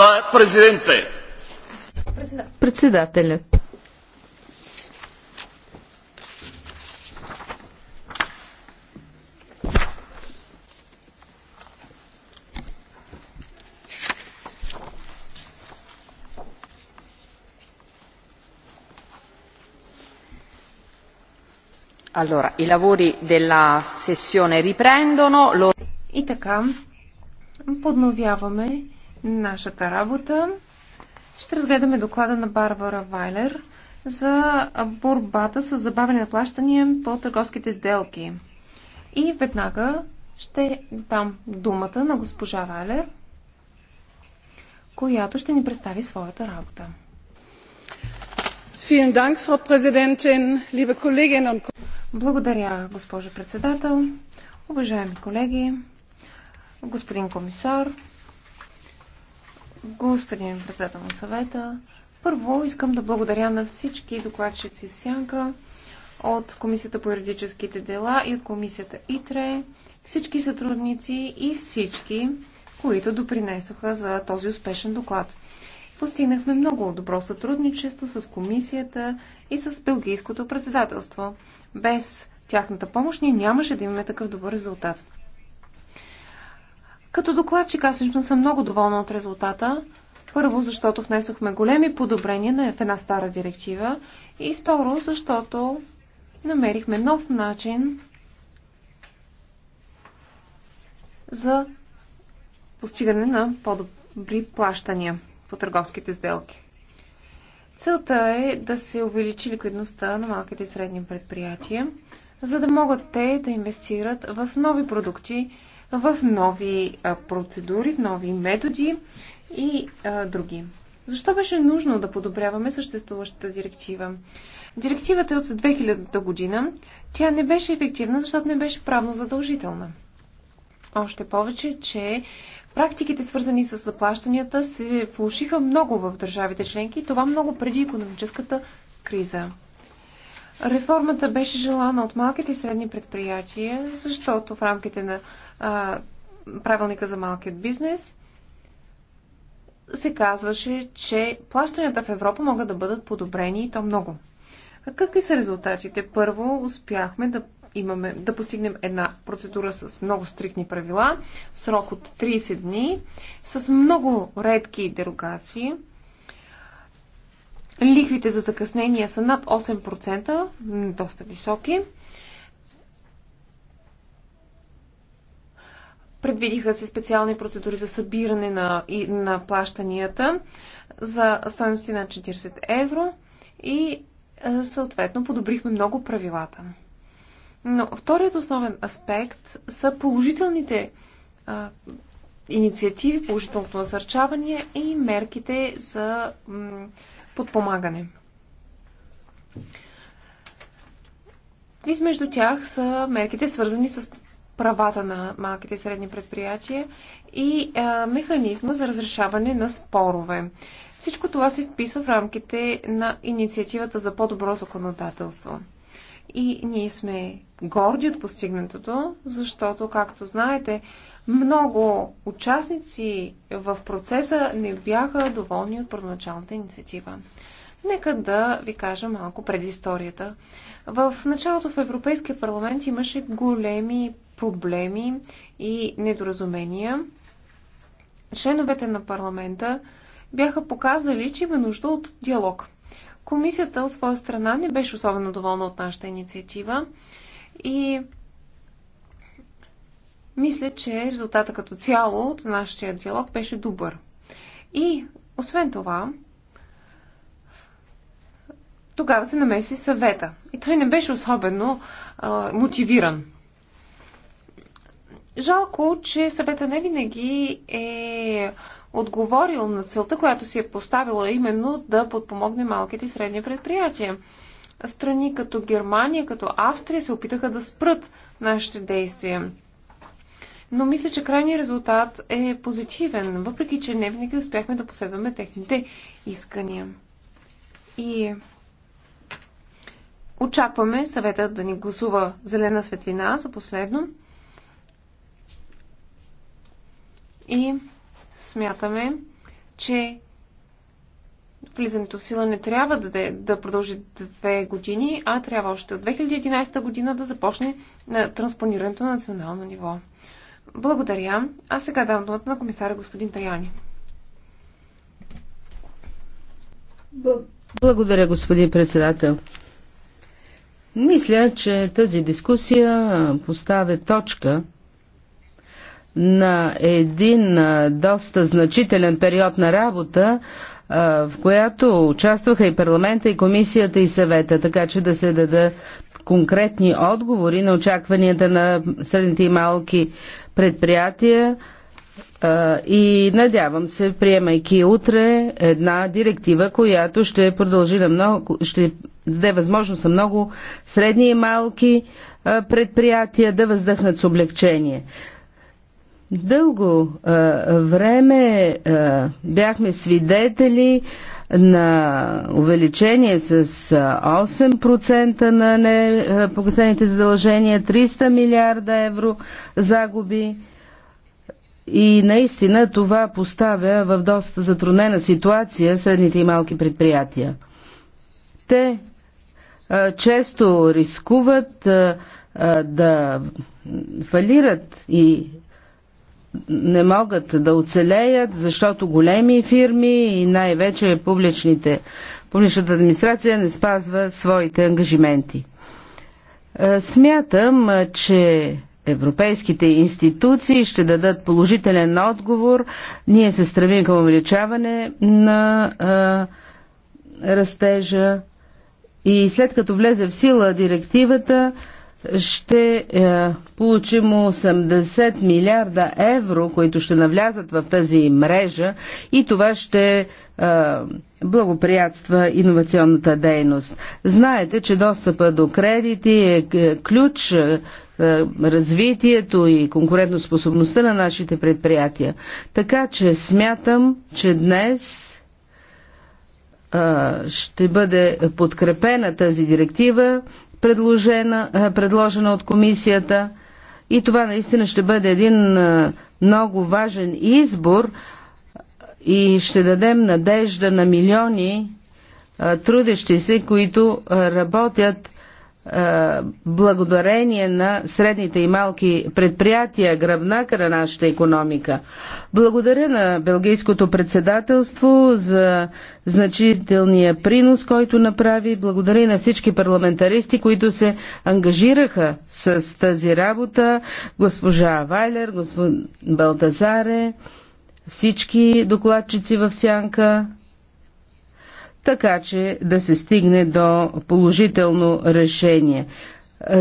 La Presidente. Председателят. Allora, i lavori della sessione riprendono. Lo... И така, подновяваме нашата работа. Ще разгледаме доклада на Барбара Вайлер за борбата с забавяне на плащания по търговските сделки. И веднага ще дам думата на госпожа Вайлер, която ще ни представи своята работа. Благодаря, госпожо председател, уважаеми колеги, господин комисар, Господин председател на съвета, първо искам да благодаря на всички докладчици Сянка от Комисията по юридическите дела и от Комисията ИТРЕ, всички сътрудници и всички, които допринесоха за този успешен доклад. Постигнахме много добро сътрудничество с Комисията и с Белгийското председателство. Без тяхната помощ ние нямаше да имаме такъв добър резултат. Като докладчик аз лично съм много доволна от резултата. Първо, защото внесохме големи подобрения в една стара директива и второ, защото намерихме нов начин за постигане на по-добри плащания по търговските сделки. Целта е да се увеличи ликвидността на малките и средни предприятия, за да могат те да инвестират в нови продукти, в нови процедури, в нови методи и други. Защо беше нужно да подобряваме съществуващата директива? Директивата е от 2000 година. Тя не беше ефективна, защото не беше правно задължителна. Още повече, че практиките, свързани с заплащанията, се влушиха много в държавите членки и това много преди економическата криза. Реформата беше желана от малките и средни предприятия, защото в рамките на правилника за малкият бизнес, се казваше, че плащанията в Европа могат да бъдат подобрени и то много. А какви са резултатите? Първо, успяхме да имаме, да постигнем една процедура с много стрикни правила, срок от 30 дни, с много редки дерогации. Лихвите за закъснения са над 8%, доста високи. Предвидиха се специални процедури за събиране на, и, на плащанията за стоености на 40 евро и е, съответно подобрихме много правилата. Но вторият основен аспект са положителните а, е, инициативи, положителното насърчаване и мерките за м, подпомагане. Измежду тях са мерките свързани с правата на малките и средни предприятия и а, механизма за разрешаване на спорове. Всичко това се вписва в рамките на инициативата за по-добро законодателство. И ние сме горди от постигнатото, защото, както знаете, много участници в процеса не бяха доволни от първоначалната инициатива. Нека да ви кажа малко предисторията. В началото в Европейския парламент имаше големи проблеми и недоразумения, членовете на парламента бяха показали, че има нужда от диалог. Комисията от своя страна не беше особено доволна от нашата инициатива и мисля, че резултата като цяло от нашия диалог беше добър. И освен това, тогава се намеси съвета. И той не беше особено а, мотивиран Жалко, че съвета не винаги е отговорил на целта, която си е поставила именно да подпомогне малките и средни предприятия. Страни като Германия, като Австрия се опитаха да спрат нашите действия. Но мисля, че крайният резултат е позитивен, въпреки че не винаги успяхме да последваме техните искания. И очакваме съвета да ни гласува зелена светлина за последно и смятаме, че влизането в сила не трябва да, да продължи две години, а трябва още от 2011 година да започне на транспонирането на национално ниво. Благодаря. А сега давам думата на комисаря господин Таяни. Благодаря, господин председател. Мисля, че тази дискусия поставя точка на един доста значителен период на работа, в която участваха и парламента, и комисията, и съвета, така че да се дадат конкретни отговори на очакванията на средните и малки предприятия. И надявам се, приемайки утре една директива, която ще продължи на много, ще даде възможност на много средни и малки предприятия да въздъхнат с облегчение. Дълго а, време а, бяхме свидетели на увеличение с 8% на непогасените задължения, 300 милиарда евро загуби. И наистина това поставя в доста затруднена ситуация средните и малки предприятия. Те а, често рискуват а, а, да фалират и не могат да оцелеят, защото големи фирми и най-вече публичните, публичната администрация не спазва своите ангажименти. Е, смятам, е, че европейските институции ще дадат положителен отговор. Ние се стремим към увеличаване на а, е, растежа и след като влезе в сила директивата, ще е, получим 80 милиарда евро, които ще навлязат в тази мрежа и това ще е, благоприятства иновационната дейност. Знаете, че достъпа до кредити е, е ключ е, развитието и конкурентоспособността на нашите предприятия. Така че смятам, че днес е, ще бъде подкрепена тази директива предложена, е, предложена от комисията. И това наистина ще бъде един е, много важен избор е, и ще дадем надежда на милиони трудещи се, които работят е, благодарение на средните и малки предприятия, гръбнака на нашата економика. Благодаря на Белгийското председателство за значителния принос, който направи. Благодаря и на всички парламентаристи, които се ангажираха с тази работа. Госпожа Вайлер, господин Балтазаре, всички докладчици в Сянка, така че да се стигне до положително решение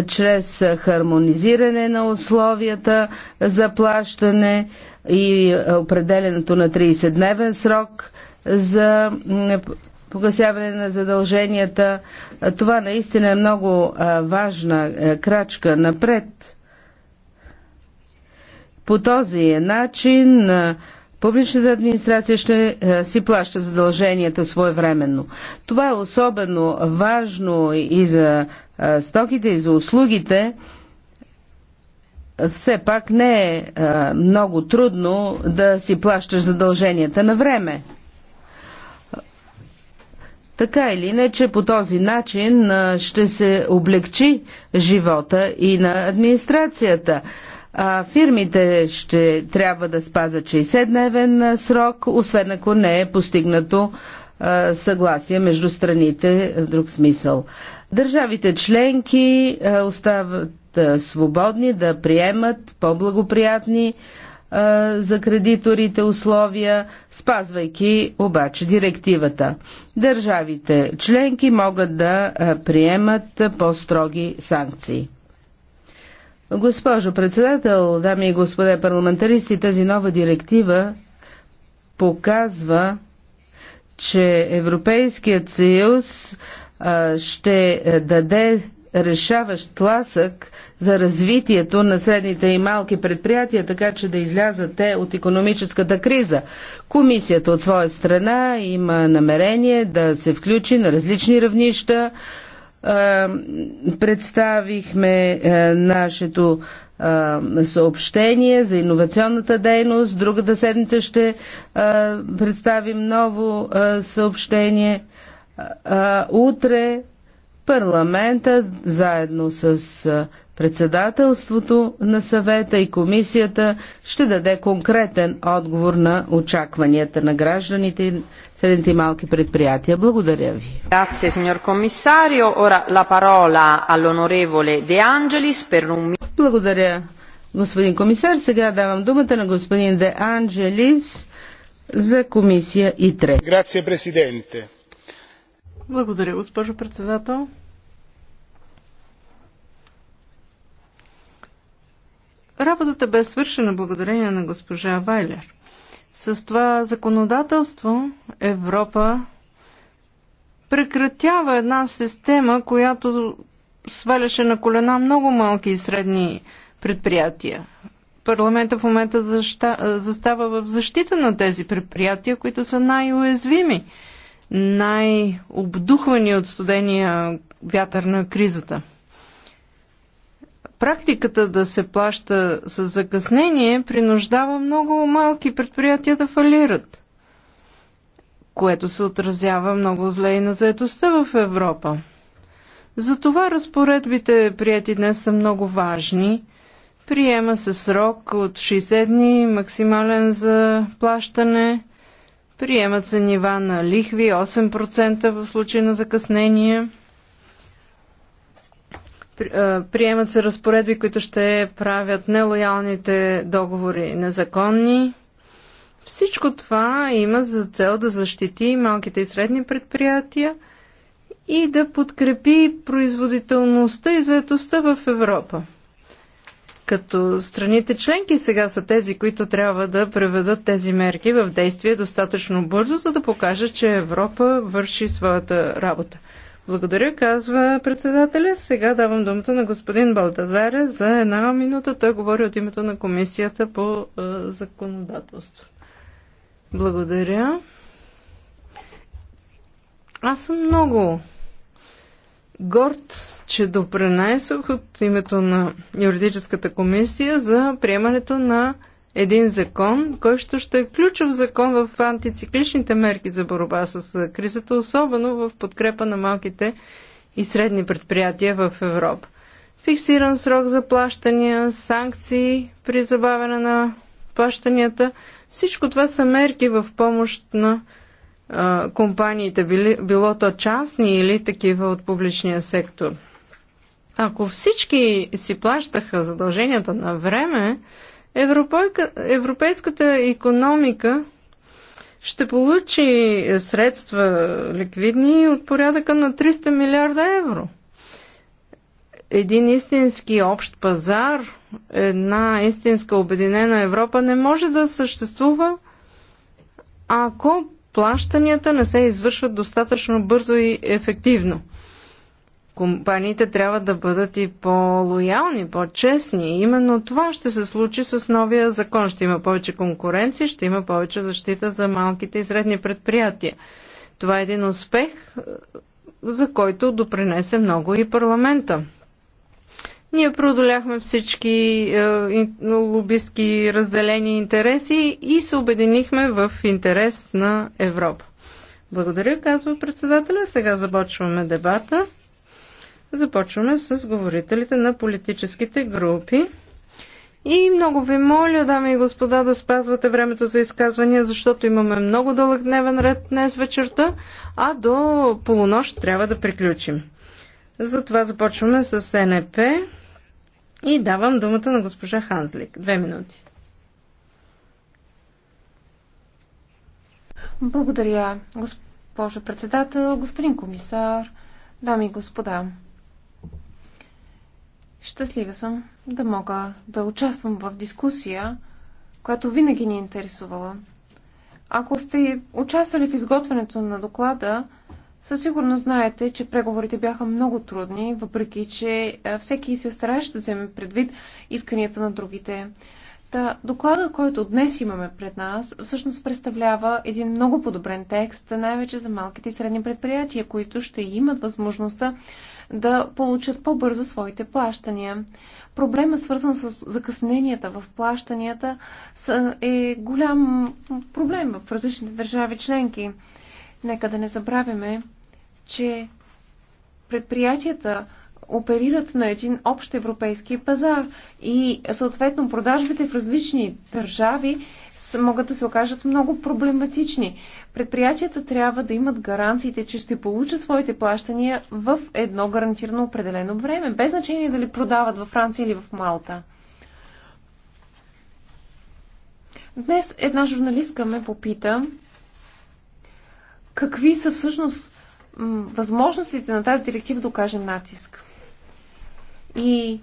чрез хармонизиране на условията за плащане и определенето на 30-дневен срок за погасяване на задълженията. Това наистина е много важна крачка напред. По този начин Публичната администрация ще е, си плаща задълженията своевременно. Това е особено важно и за е, стоките, и за услугите. Все пак не е, е много трудно да си плащаш задълженията на време. Така или иначе, по този начин ще се облегчи живота и на администрацията фирмите ще трябва да спазат 60-дневен срок, освен ако не е постигнато съгласие между страните в друг смисъл. Държавите членки остават свободни да приемат по-благоприятни за кредиторите условия, спазвайки обаче директивата. Държавите членки могат да приемат по-строги санкции. Госпожо председател, дами и господа парламентаристи, тази нова директива показва, че Европейският съюз ще даде решаващ тласък за развитието на средните и малки предприятия, така че да излязат те от економическата криза. Комисията от своя страна има намерение да се включи на различни равнища е, представихме е, нашето е, съобщение за иновационната дейност. Другата седмица ще представим ново съобщение. Утре парламента заедно с председателството на съвета и комисията ще даде конкретен отговор на очакванията на гражданите и средните малки предприятия. Благодаря ви. Grazie, signor commissario. Ora la parola all'onorevole De Angelis per un... Благодаря, господин комисар. Сега давам думата на господин Де Анджелис за комисия ИТРЕ. Grazie, Благодаря, госпожо председател. Работата бе свършена благодарение на госпожа Вайлер. С това законодателство Европа прекратява една система, която сваляше на колена много малки и средни предприятия. Парламента в момента застава в защита на тези предприятия, които са най-уязвими, най-обдухвани от студения вятър на кризата практиката да се плаща с закъснение принуждава много малки предприятия да фалират, което се отразява много зле и на заедостта в Европа. Затова разпоредбите, прияти днес, са много важни. Приема се срок от 60 дни, максимален за плащане. Приемат се нива на лихви 8% в случай на закъснение. Приемат се разпоредби, които ще правят нелоялните договори незаконни. Всичко това има за цел да защити малките и средни предприятия и да подкрепи производителността и заедостта в Европа. Като страните членки сега са тези, които трябва да преведат тези мерки в действие достатъчно бързо, за да покажат, че Европа върши своята работа. Благодаря, казва председателя. Сега давам думата на господин Балтазаре за една минута. Той говори от името на Комисията по е, законодателство. Благодаря. Аз съм много горд, че допренесох от името на юридическата комисия за приемането на един закон, който ще е ключов закон в антицикличните мерки за борба с кризата, особено в подкрепа на малките и средни предприятия в Европа. Фиксиран срок за плащания, санкции при забавяне на плащанията, всичко това са мерки в помощ на а, компаниите, били, било то частни или такива от публичния сектор. Ако всички си плащаха задълженията на време, Европейка, европейската економика ще получи средства ликвидни от порядъка на 300 милиарда евро. Един истински общ пазар, една истинска обединена Европа не може да съществува, ако плащанията не се извършват достатъчно бързо и ефективно компаниите трябва да бъдат и по-лоялни, по-честни. Именно това ще се случи с новия закон. Ще има повече конкуренция, ще има повече защита за малките и средни предприятия. Това е един успех, за който допринесе много и парламента. Ние продоляхме всички е, лобистки разделени интереси и се обединихме в интерес на Европа. Благодаря, казва председателя. Сега започваме дебата. Започваме с говорителите на политическите групи. И много ви моля, дами и господа, да спазвате времето за изказвания, защото имаме много дълъг дневен ред днес вечерта, а до полунощ трябва да приключим. Затова започваме с НП и давам думата на госпожа Ханзлик. Две минути. Благодаря, госпожо председател, господин комисар, дами и господа. Щастлива съм да мога да участвам в дискусия, която винаги ни е интересувала. Ако сте участвали в изготвянето на доклада, със сигурност знаете, че преговорите бяха много трудни, въпреки че всеки се стараеше да вземе предвид исканията на другите. Та, доклада, който днес имаме пред нас, всъщност представлява един много подобрен текст, най-вече за малките и средни предприятия, които ще имат възможността да получат по-бързо своите плащания. Проблема, свързан с закъсненията в плащанията, е голям проблем в различните държави членки. Нека да не забравяме, че предприятията, оперират на един общ европейски пазар и съответно продажбите в различни държави могат да се окажат много проблематични. Предприятията трябва да имат гаранциите, че ще получат своите плащания в едно гарантирано определено време, без значение дали продават във Франция или в Малта. Днес една журналистка ме попита какви са всъщност възможностите на тази директива да окаже натиск. И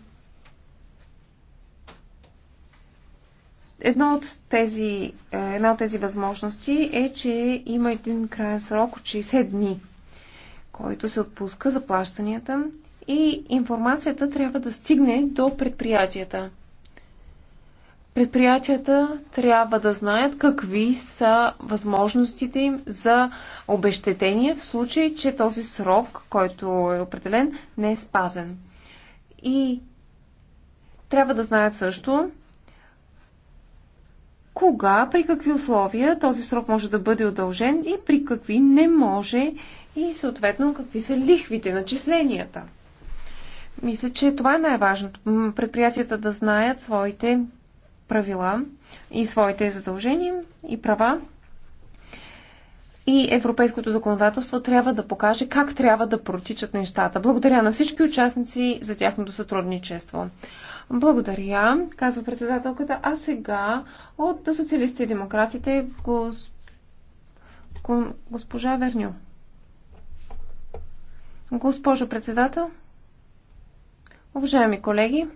едно от тези, е, една от тези възможности е, че има един крайен срок от 60 дни, който се отпуска за плащанията и информацията трябва да стигне до предприятията. Предприятията трябва да знаят какви са възможностите им за обещетение в случай, че този срок, който е определен, не е спазен. И трябва да знаят също кога, при какви условия този срок може да бъде удължен и при какви не може и съответно какви са лихвите, начисленията. Мисля, че това е най-важното. Предприятията да знаят своите правила и своите задължения и права и европейското законодателство трябва да покаже как трябва да протичат нещата. Благодаря на всички участници за тяхното сътрудничество. Благодаря, казва председателката. А сега от социалистите и демократите гос... госпожа Верню. Госпожо председател, уважаеми колеги,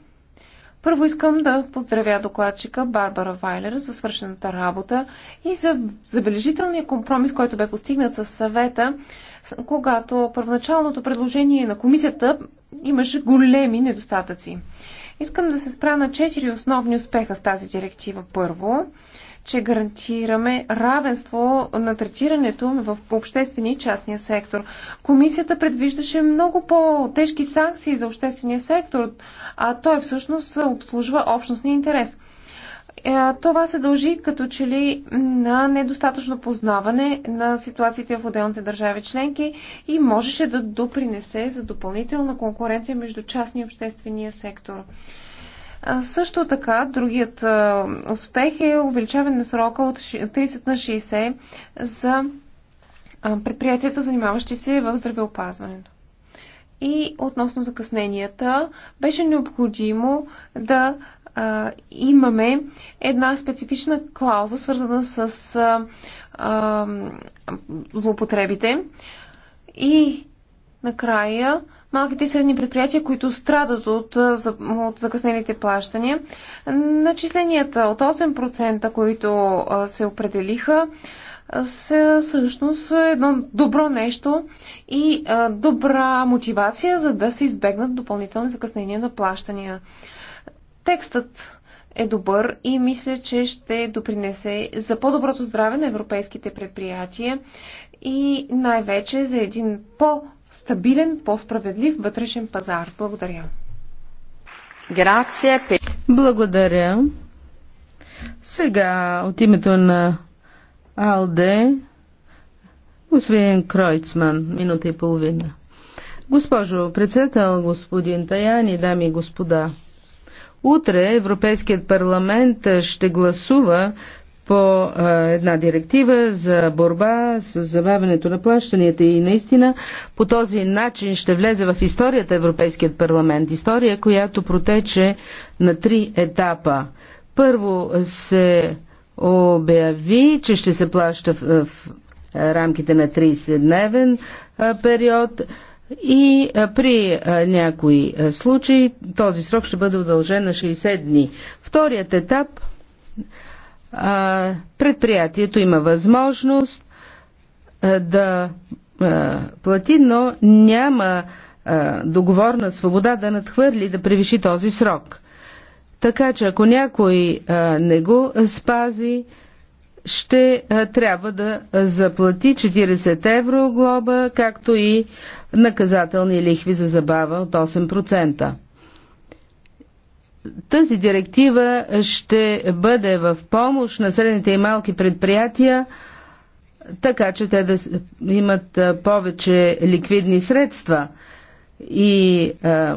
първо искам да поздравя докладчика Барбара Вайлер за свършената работа и за забележителния компромис, който бе постигнат с съвета, когато първоначалното предложение на комисията имаше големи недостатъци. Искам да се спра на четири основни успеха в тази директива. Първо, че гарантираме равенство на третирането в обществения и частния сектор. Комисията предвиждаше много по-тежки санкции за обществения сектор, а той всъщност обслужва общностния интерес. Е, това се дължи като че ли на недостатъчно познаване на ситуациите в отделните държави членки и можеше да допринесе за допълнителна конкуренция между частния и обществения сектор. Също така, другият успех е увеличаване на срока от 30 на 60 за предприятията, занимаващи се в здравеопазването. И относно закъсненията, беше необходимо да а, имаме една специфична клауза, свързана с а, а, злоупотребите. И накрая малките и средни предприятия, които страдат от, от закъснените плащания. Начисленията от 8%, които се определиха, са всъщност едно добро нещо и добра мотивация, за да се избегнат допълнителни закъснения на плащания. Текстът е добър и мисля, че ще допринесе за по-доброто здраве на европейските предприятия и най-вече за един по- стабилен, по-справедлив вътрешен пазар. Благодаря. Благодаря. Сега от името на Алде, господин Кройцман, минута и половина. Госпожо председател, господин Таяни, дами и господа, утре Европейският парламент ще гласува по една директива за борба с забавянето на плащанията и наистина по този начин ще влезе в историята Европейският парламент. История, която протече на три етапа. Първо се обяви, че ще се плаща в, в рамките на 30-дневен период и при някои случаи този срок ще бъде удължен на 60 дни. Вторият етап предприятието има възможност да плати, но няма договорна свобода да надхвърли, да превиши този срок. Така че ако някой не го спази, ще трябва да заплати 40 евро глоба, както и наказателни лихви за забава от 8% тази директива ще бъде в помощ на средните и малки предприятия, така че те да имат повече ликвидни средства. И а,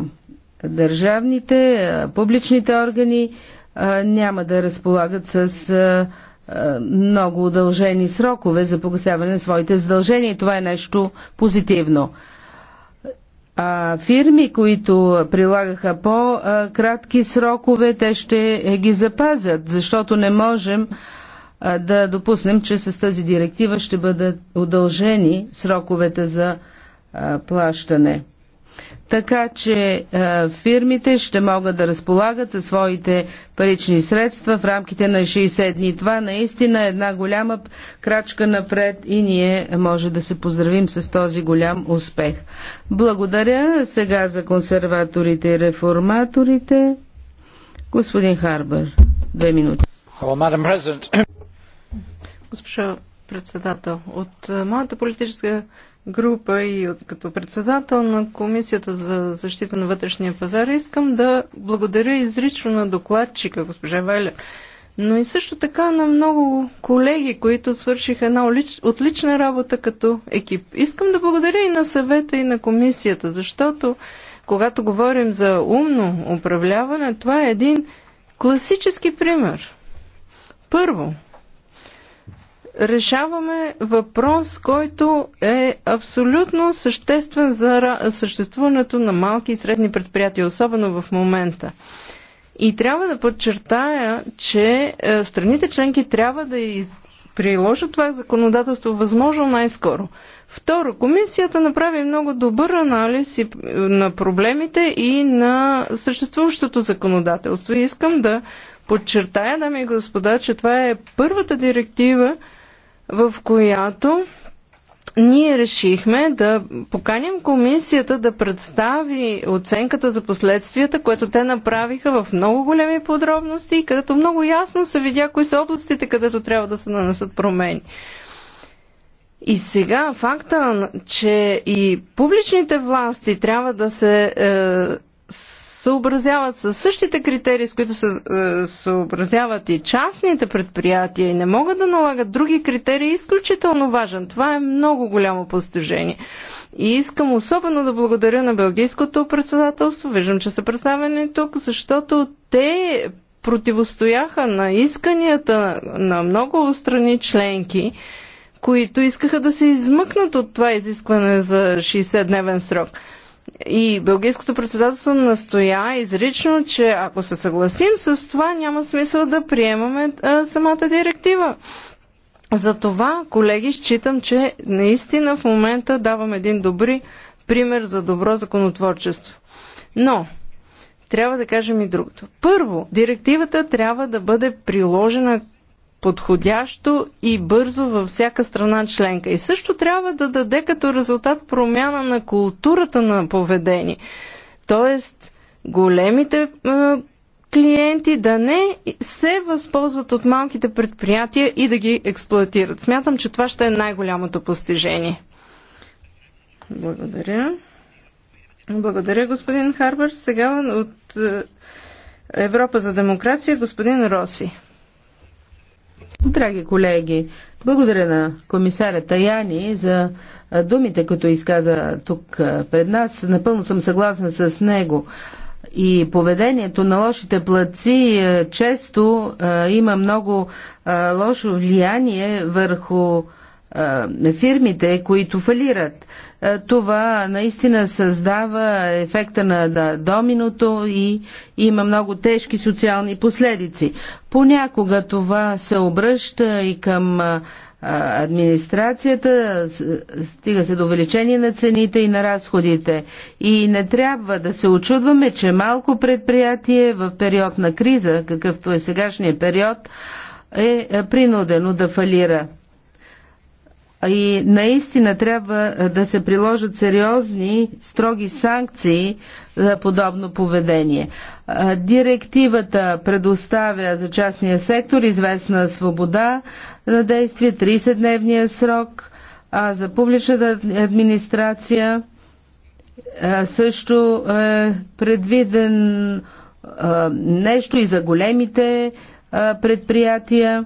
държавните, а, публичните органи а, няма да разполагат с а, а, много удължени срокове за погасяване на своите задължения. това е нещо позитивно. А фирми, които прилагаха по-кратки срокове, те ще ги запазят, защото не можем да допуснем, че с тази директива ще бъдат удължени сроковете за плащане така че е, фирмите ще могат да разполагат със своите парични средства в рамките на 60 дни. Това наистина е една голяма крачка напред и ние може да се поздравим с този голям успех. Благодаря сега за консерваторите и реформаторите. Господин Харбър, две минути. Госпожа председател, от е, моята политическа група и от, като председател на Комисията за защита на вътрешния пазар искам да благодаря изрично на докладчика, госпожа Валя, но и също така на много колеги, които свършиха една отлична работа като екип. Искам да благодаря и на съвета и на комисията, защото когато говорим за умно управляване, това е един класически пример. Първо, решаваме въпрос, който е абсолютно съществен за съществуването на малки и средни предприятия, особено в момента. И трябва да подчертая, че е, страните членки трябва да приложат това законодателство възможно най-скоро. Второ, комисията направи много добър анализ на проблемите и на съществуващото законодателство. И искам да подчертая, дами и господа, че това е първата директива, в която ние решихме да поканим комисията да представи оценката за последствията, което те направиха в много големи подробности, където много ясно се видя кои са областите, където трябва да се нанесат промени. И сега факта, че и публичните власти трябва да се е, съобразяват с същите критерии, с които се е, съобразяват и частните предприятия и не могат да налагат други критерии, е изключително важен. Това е много голямо постижение. И искам особено да благодаря на Белгийското председателство, виждам, че са представени тук, защото те противостояха на исканията на много страни членки, които искаха да се измъкнат от това изискване за 60-дневен срок – и Белгийското председателство настоя изрично, че ако се съгласим с това, няма смисъл да приемаме а, самата директива. Затова, колеги, считам, че наистина в момента давам един добри пример за добро законотворчество. Но, трябва да кажем и другото. Първо, директивата трябва да бъде приложена подходящо и бързо във всяка страна членка. И също трябва да даде като резултат промяна на културата на поведение. Тоест, големите е, клиенти да не се възползват от малките предприятия и да ги експлуатират. Смятам, че това ще е най-голямото постижение. Благодаря. Благодаря, господин Харбър. Сега от е, Европа за демокрация, господин Роси. Драги колеги, благодаря на комисаря Таяни за думите, които изказа тук пред нас. Напълно съм съгласна с него. И поведението на лошите плаци често има много лошо влияние върху е, фирмите, които фалират. Е, това наистина създава ефекта на доминото и има много тежки социални последици. Понякога това се обръща и към е, администрацията, стига се до увеличение на цените и на разходите. И не трябва да се очудваме, че малко предприятие в период на криза, какъвто е сегашния период, е принудено да фалира. И наистина трябва да се приложат сериозни, строги санкции за подобно поведение. Директивата предоставя за частния сектор известна свобода на действие, 30-дневния срок, а за публичната администрация също е предвиден нещо и за големите предприятия.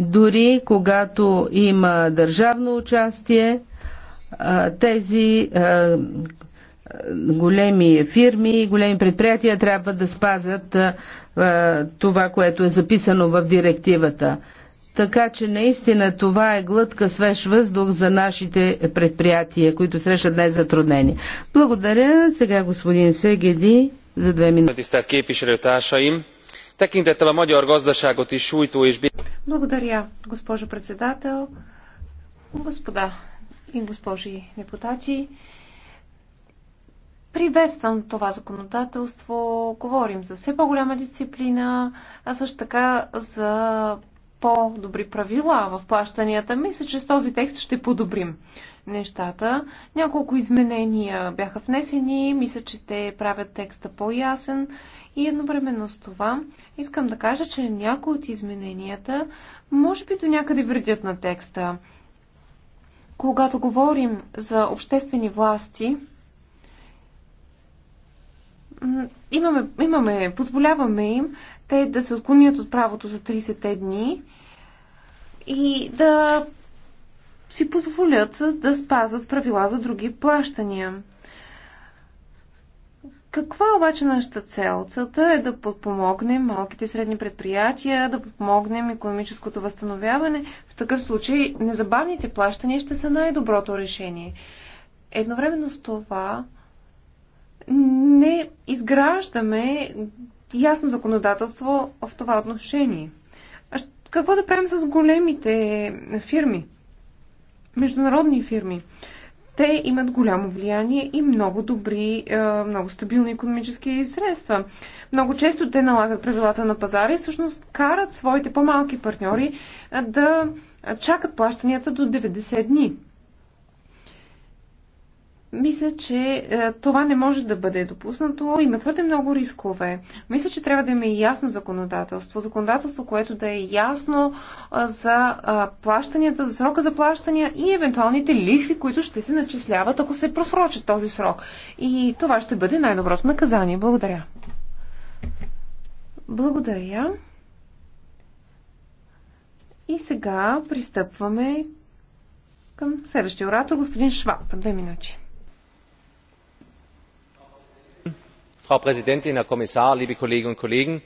Дори когато има държавно участие, тези големи фирми и големи предприятия трябва да спазят това, което е записано в директивата. Така че наистина това е глътка свеж въздух за нашите предприятия, които срещат днес затруднени. Благодаря. Сега господин Сегеди за две минути. Tekintettel a magyar gazdaságot is sújtó és... Благодаря, госпожо председател, господа и госпожи депутати. Приветствам това законодателство. Говорим за все по-голяма дисциплина, а също така за по-добри правила в плащанията. Мисля, че с този текст ще подобрим нещата. Няколко изменения бяха внесени. Мисля, че те правят текста по-ясен и едновременно с това искам да кажа, че някои от измененията може би до някъде вредят на текста. Когато говорим за обществени власти, имаме, имаме позволяваме им те да се отклонят от правото за 30 дни и да си позволят да спазват правила за други плащания. Каква е обаче нашата цел? Целта е да подпомогнем малките и средни предприятия, да подпомогнем економическото възстановяване. В такъв случай незабавните плащания ще са най-доброто решение. Едновременно с това не изграждаме ясно законодателство в това отношение. какво да правим с големите фирми? Международни фирми – те имат голямо влияние и много добри, е, много стабилни економически средства. Много често те налагат правилата на пазара и всъщност карат своите по-малки партньори е, да чакат плащанията до 90 дни. Мисля, че е, това не може да бъде допуснато. Има твърде много рискове. Мисля, че трябва да има и ясно законодателство. Законодателство, което да е ясно е, за е, плащанията, за срока за плащания и евентуалните лихви, които ще се начисляват, ако се просрочат този срок. И това ще бъде най-доброто наказание. Благодаря. Благодаря. И сега пристъпваме към следващия оратор, господин Шваб. Две минути. Frau Präsidentin, Herr Kommissar, liebe Kolleginnen und Kollegen!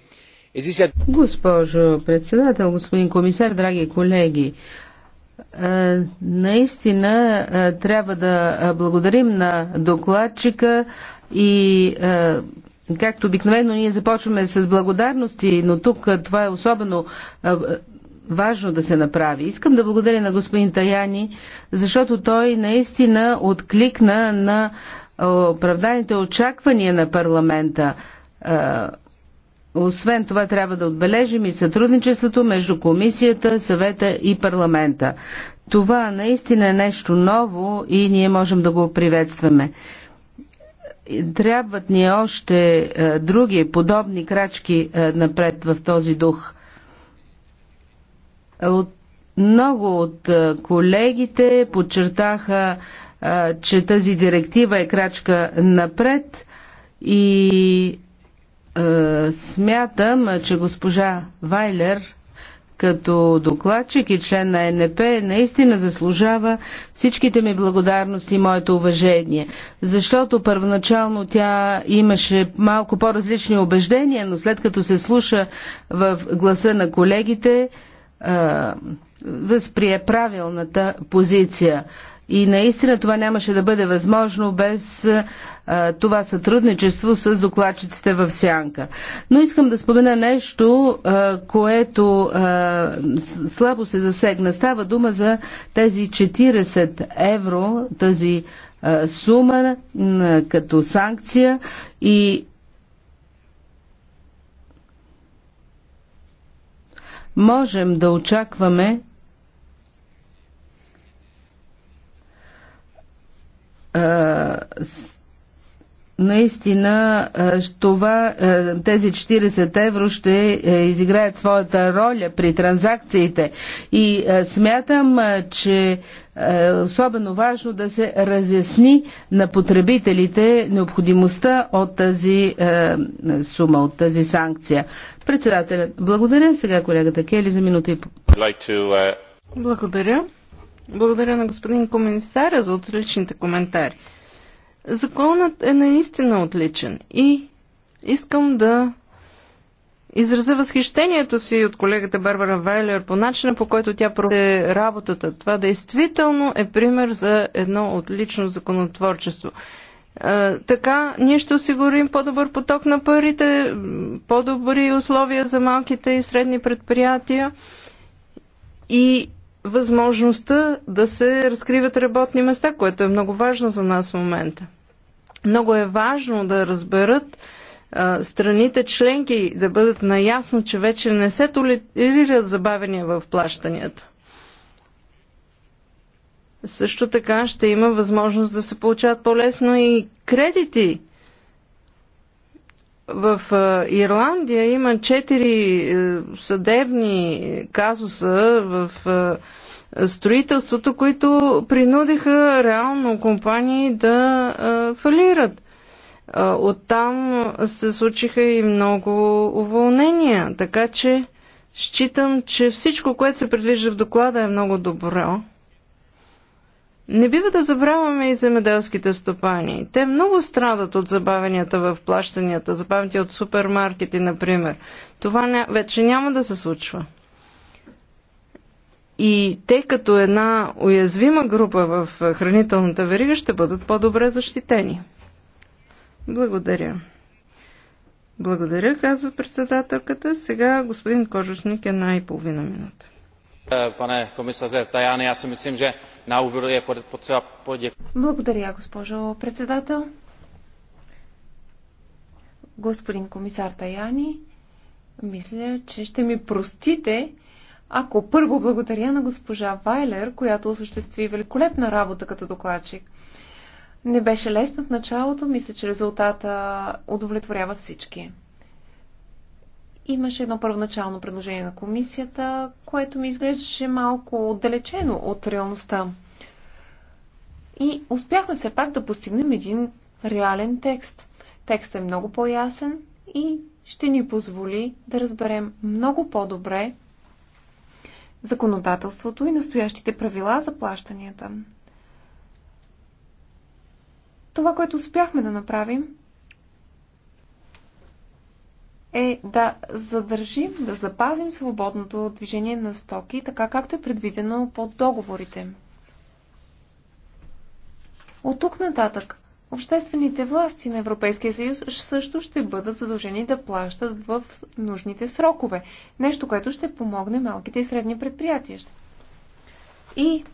Госпожо председател, господин комисар, драги колеги, е, наистина е, трябва да е, благодарим на докладчика и както обикновено ние започваме с благодарности, но тук това е особено важно да се направи. Искам да благодаря на господин Таяни, защото той наистина откликна на оправданите очаквания на парламента. Освен това трябва да отбележим и сътрудничеството между комисията, съвета и парламента. Това наистина е нещо ново и ние можем да го приветстваме. Трябват ни още други подобни крачки напред в този дух. От много от колегите подчертаха че тази директива е крачка напред и смятам, че госпожа Вайлер като докладчик и член на НП наистина заслужава всичките ми благодарности и моето уважение. Защото първоначално тя имаше малко по-различни убеждения, но след като се слуша в гласа на колегите, възприе правилната позиция. И наистина това нямаше да бъде възможно без а, това сътрудничество с докладчиците в Сянка. Но искам да спомена нещо, а, което а, слабо се засегна. Става дума за тези 40 евро, тази а, сума а, като санкция и можем да очакваме наистина това, тези 40 евро ще е, изиграят своята роля при транзакциите и смятам, че е особено важно да се разясни на потребителите необходимостта от тази сума, от тази санкция. Председателят, благодаря сега колегата Кели за минута и uh, Благодаря. Благодаря на господин комисаря за отличните коментари. Законът е наистина отличен и искам да изразя възхищението си от колегата Барбара Вайлер по начина по който тя проведе работата. Това действително е пример за едно отлично законотворчество. Така ние ще осигурим по-добър поток на парите, по-добри условия за малките и средни предприятия и възможността да се разкриват работни места, което е много важно за нас в момента. Много е важно да разберат а, страните членки да бъдат наясно, че вече не се толерират забавения в плащанията. Също така ще има възможност да се получават по-лесно и кредити в Ирландия има четири е, съдебни казуса в строителството, които принудиха реално компании да фалират. Оттам се случиха и много уволнения, така че считам, че всичко, което се предвижда в доклада е много добро. Не бива да забравяме и земеделските стопани. Те много страдат от забавенията в плащанията, забавените от супермаркети, например. Това не, вече няма да се случва. И те като една уязвима група в хранителната верига ще бъдат по-добре защитени. Благодаря. Благодаря, казва председателката. Сега господин Кожушник е най-половина минута. Пане комисар Таяни, аз си мислим, че на уводу е potřeba poděkovat. Благодаря, госпожо председател. Господин комисар Таяни, мисля, че ще ми простите, ако първо благодаря на госпожа Вайлер, която осъществи великолепна работа като докладчик. Не беше лесно в началото, мисля, че резултата удовлетворява всички. Имаше едно първоначално предложение на комисията, което ми изглеждаше малко отдалечено от реалността. И успяхме все пак да постигнем един реален текст. Текстът е много по-ясен и ще ни позволи да разберем много по-добре законодателството и настоящите правила за плащанията. Това, което успяхме да направим, е да задържим, да запазим свободното движение на стоки, така както е предвидено под договорите. От тук нататък обществените власти на Европейския съюз също ще бъдат задължени да плащат в нужните срокове. Нещо, което ще помогне малките и средни предприятия. И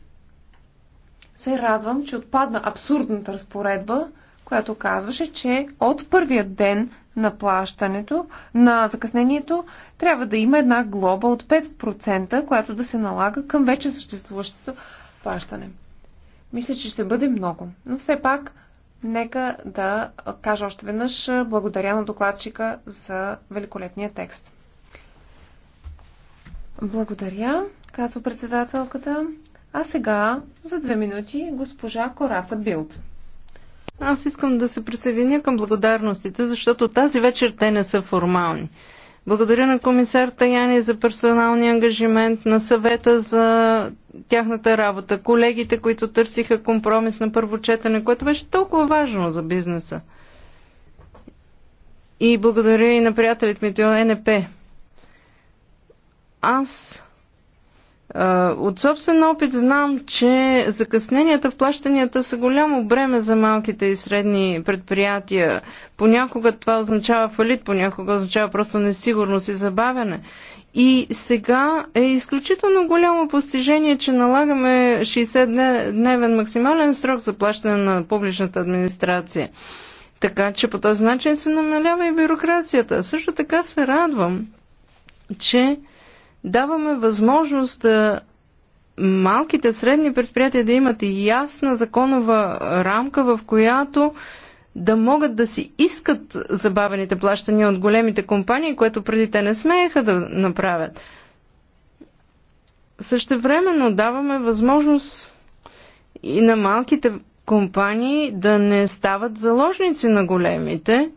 се радвам, че отпадна абсурдната разпоредба, която казваше, че от първия ден на плащането, на закъснението, трябва да има една глоба от 5%, която да се налага към вече съществуващото плащане. Мисля, че ще бъде много. Но все пак, нека да кажа още веднъж благодаря на докладчика за великолепния текст. Благодаря, казва председателката. А сега за две минути госпожа Кораца Билд. Аз искам да се присъединя към благодарностите, защото тази вечер те не са формални. Благодаря на комисар Таяни за персоналния ангажимент, на съвета за тяхната работа, колегите, които търсиха компромис на първо четене, което беше толкова важно за бизнеса. И благодаря и на приятелите ми от НП. Аз от собствен опит знам, че закъсненията в плащанията са голямо бреме за малките и средни предприятия. Понякога това означава фалит, понякога означава просто несигурност и забавяне. И сега е изключително голямо постижение, че налагаме 60-дневен максимален срок за плащане на публичната администрация. Така че по този начин се намалява и бюрокрацията. Също така се радвам, че даваме възможност да малките средни предприятия да имат ясна законова рамка, в която да могат да си искат забавените плащания от големите компании, което преди те не смееха да направят. Същевременно даваме възможност и на малките компании да не стават заложници на големите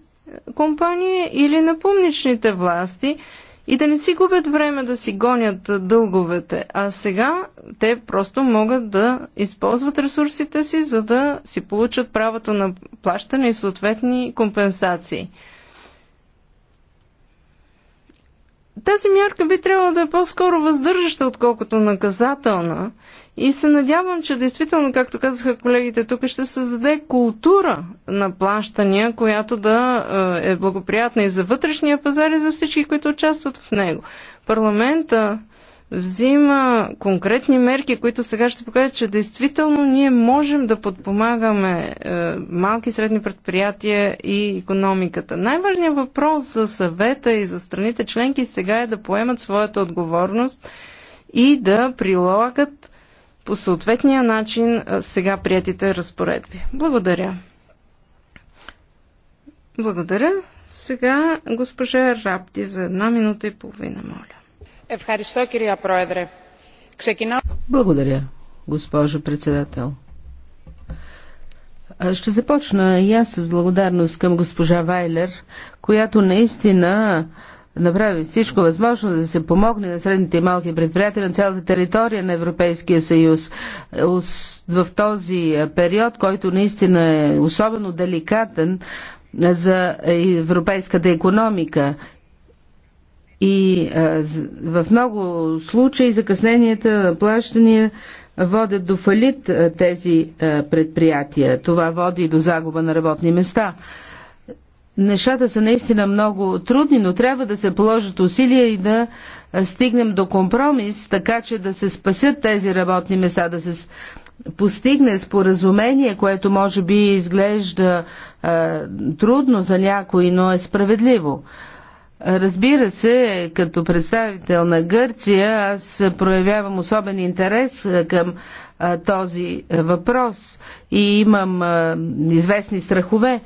компании или на публичните власти – и да не си губят време да си гонят дълговете. А сега те просто могат да използват ресурсите си, за да си получат правото на плащане и съответни компенсации. Тази мярка би трябвало да е по-скоро въздържаща, отколкото наказателна. И се надявам, че действително, както казаха колегите тук, ще създаде култура на плащания, която да е, е благоприятна и за вътрешния пазар и за всички, които участват в него. Парламента взима конкретни мерки, които сега ще покажат, че действително ние можем да подпомагаме е, малки и средни предприятия и економиката. Най-важният въпрос за съвета и за страните членки сега е да поемат своята отговорност и да прилагат по съответния начин е, сега приятите разпоредби. Благодаря. Благодаря. Сега госпожа Рапти за една минута и половина, моля. Благодаря, госпожо председател. Ще започна и аз с благодарност към госпожа Вайлер, която наистина направи всичко възможно да се помогне на средните и малки предприятия на цялата територия на Европейския съюз. В този период, който наистина е особено деликатен за европейската економика и в много случаи закъсненията на плащания водят до фалит тези предприятия. Това води и до загуба на работни места. Нещата са наистина много трудни, но трябва да се положат усилия и да стигнем до компромис, така че да се спасят тези работни места, да се постигне споразумение, което може би изглежда трудно за някои, но е справедливо. Разбира се, като представител на Гърция, аз проявявам особен интерес към този въпрос и имам известни страхове.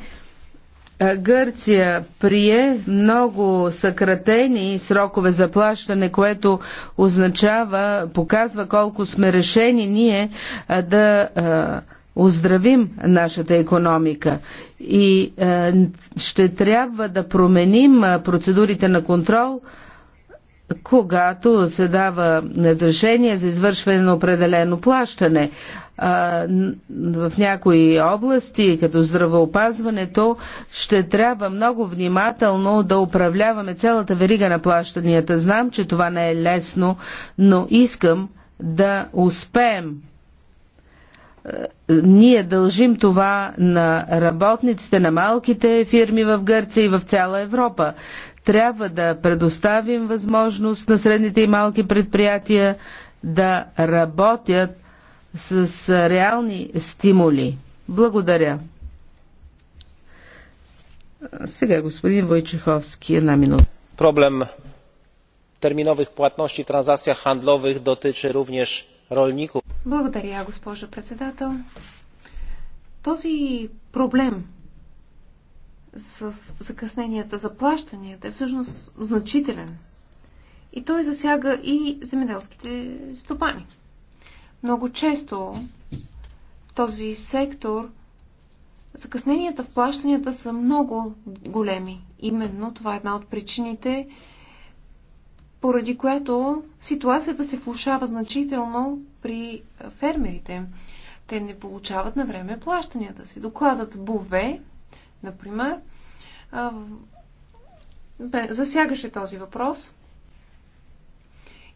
Гърция прие много съкратени срокове за плащане, което означава, показва колко сме решени ние да оздравим нашата економика и е, ще трябва да променим е, процедурите на контрол, когато се дава разрешение за извършване на определено плащане. Е, в някои области, като здравеопазването, ще трябва много внимателно да управляваме цялата верига на плащанията. Знам, че това не е лесно, но искам да успеем е, ние дължим това на работниците, на малките фирми в Гърция и в цяла Европа. Трябва да предоставим възможност на средните и малки предприятия да работят с реални стимули. Благодаря. Сега господин Войчеховски, една минута. Проблем терминових платности в транзакциях handlowych dotyczy również rolników. Благодаря, госпожо председател. Този проблем с закъсненията за плащанията е всъщност значителен. И той засяга и земеделските стопани. Много често в този сектор закъсненията в плащанията са много големи. Именно това е една от причините, поради която ситуацията се влушава значително при фермерите. Те не получават на време плащанията си. Докладът Бове, например, засягаше този въпрос.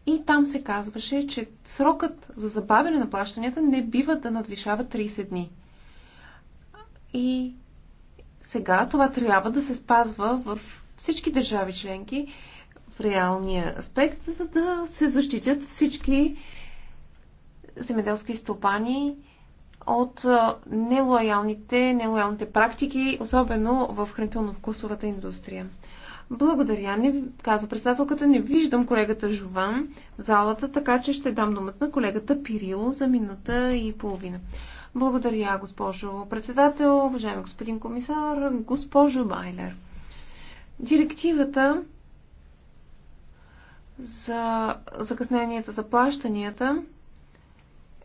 И там се казваше, че срокът за забавяне на плащанията не бива да надвишава 30 дни. И сега това трябва да се спазва в всички държави членки в реалния аспект, за да се защитят всички земеделски стопани от нелоялните, нелоялните практики, особено в хранително-вкусовата индустрия. Благодаря. Не, каза председателката, не виждам колегата Жован в залата, така че ще дам думата на колегата Пирило за минута и половина. Благодаря, госпожо председател, уважаеми господин комисар, госпожо Байлер. Директивата за закъсненията за плащанията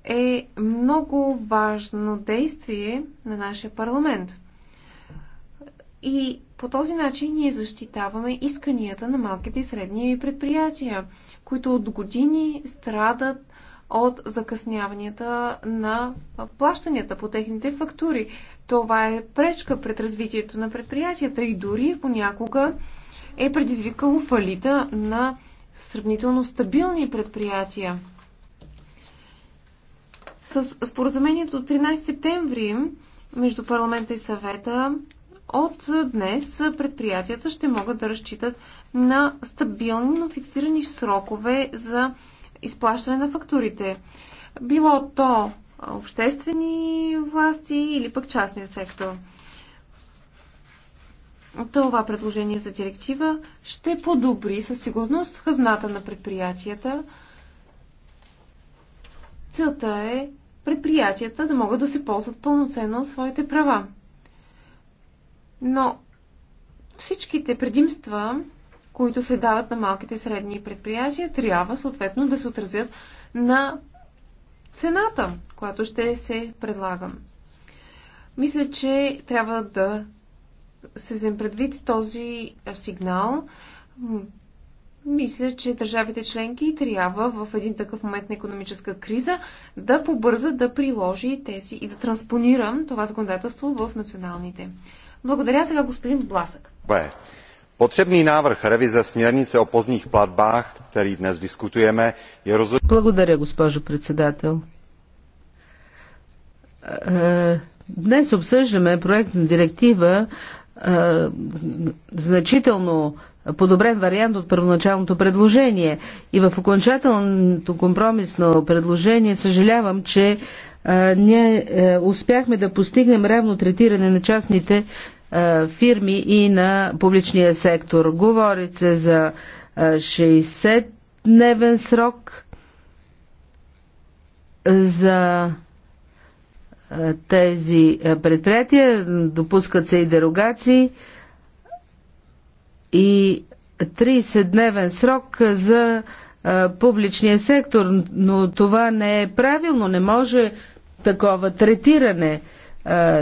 е много важно действие на нашия парламент. И по този начин ние защитаваме исканията на малките и средни предприятия, които от години страдат от закъсняванията на плащанията по техните фактури. Това е пречка пред развитието на предприятията и дори понякога е предизвикало фалита на сравнително стабилни предприятия. С споразумението от 13 септември между парламента и съвета от днес предприятията ще могат да разчитат на стабилни, но фиксирани срокове за изплащане на фактурите. Било то обществени власти или пък частния сектор. Това предложение за директива ще подобри със сигурност хазната на предприятията, Целта е предприятията да могат да се ползват пълноценно от своите права. Но всичките предимства, които се дават на малките и средни предприятия, трябва съответно да се отразят на цената, която ще се предлагам. Мисля, че трябва да се вземе предвид този сигнал. Мисля, че държавите членки трябва в един такъв момент на економическа криза да побързат да приложи тези и да транспонирам това законодателство в националните. Благодаря сега господин Бласък. Бе. Потребни навърх ревиза смирница о поздних платбах, který днес дискутуеме, je разуме... Благодаря, госпожо председател. Е, днес обсъждаме проект на директива е, значително подобрен вариант от първоначалното предложение. И в окончателното компромисно предложение съжалявам, че е, ние е, успяхме да постигнем равно третиране на частните е, фирми и на публичния сектор. Говори се за 60-дневен срок за тези предприятия. Допускат се и дерогации и 30-дневен срок за публичния сектор, но това не е правилно, не може такова третиране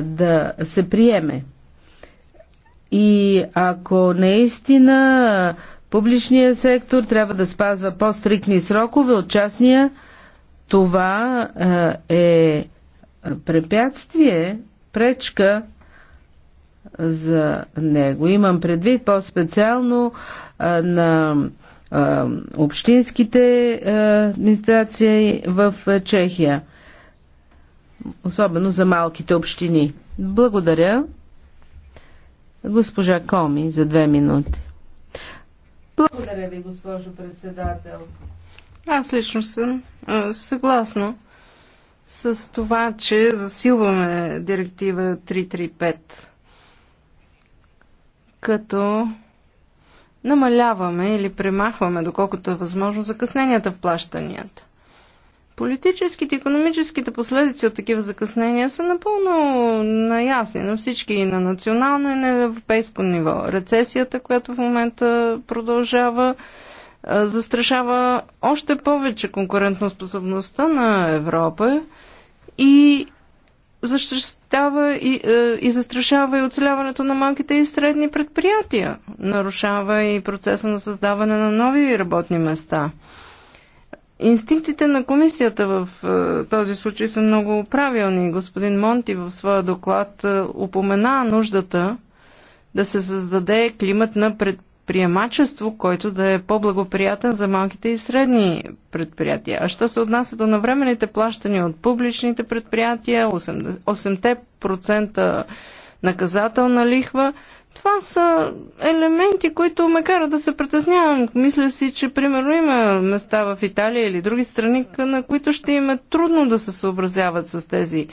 да се приеме. И ако наистина публичния сектор трябва да спазва по-стрикни срокове от частния, това е препятствие, пречка за него. Имам предвид по-специално на а, общинските администрации в Чехия, особено за малките общини. Благодаря. Госпожа Коми за две минути. Благодаря ви, госпожо председател. Аз лично съм съгласна с това, че засилваме директива 335 като намаляваме или премахваме, доколкото е възможно, закъсненията в плащанията. Политическите и економическите последици от такива закъснения са напълно наясни на всички и на национално и на европейско ниво. Рецесията, която в момента продължава, застрашава още повече конкурентоспособността на Европа и защитава и, е, и застрашава и оцеляването на малките и средни предприятия. Нарушава и процеса на създаване на нови работни места. Инстинктите на комисията в е, този случай са много правилни. Господин Монти в своя доклад е, упомена нуждата да се създаде климат на предприятия приемачество, който да е по-благоприятен за малките и средни предприятия. А що се отнася до навременните плащания от публичните предприятия, 8% наказателна лихва, това са елементи, които ме карат да се притеснявам. Мисля си, че примерно има места в Италия или други страни, на които ще им е трудно да се съобразяват с тези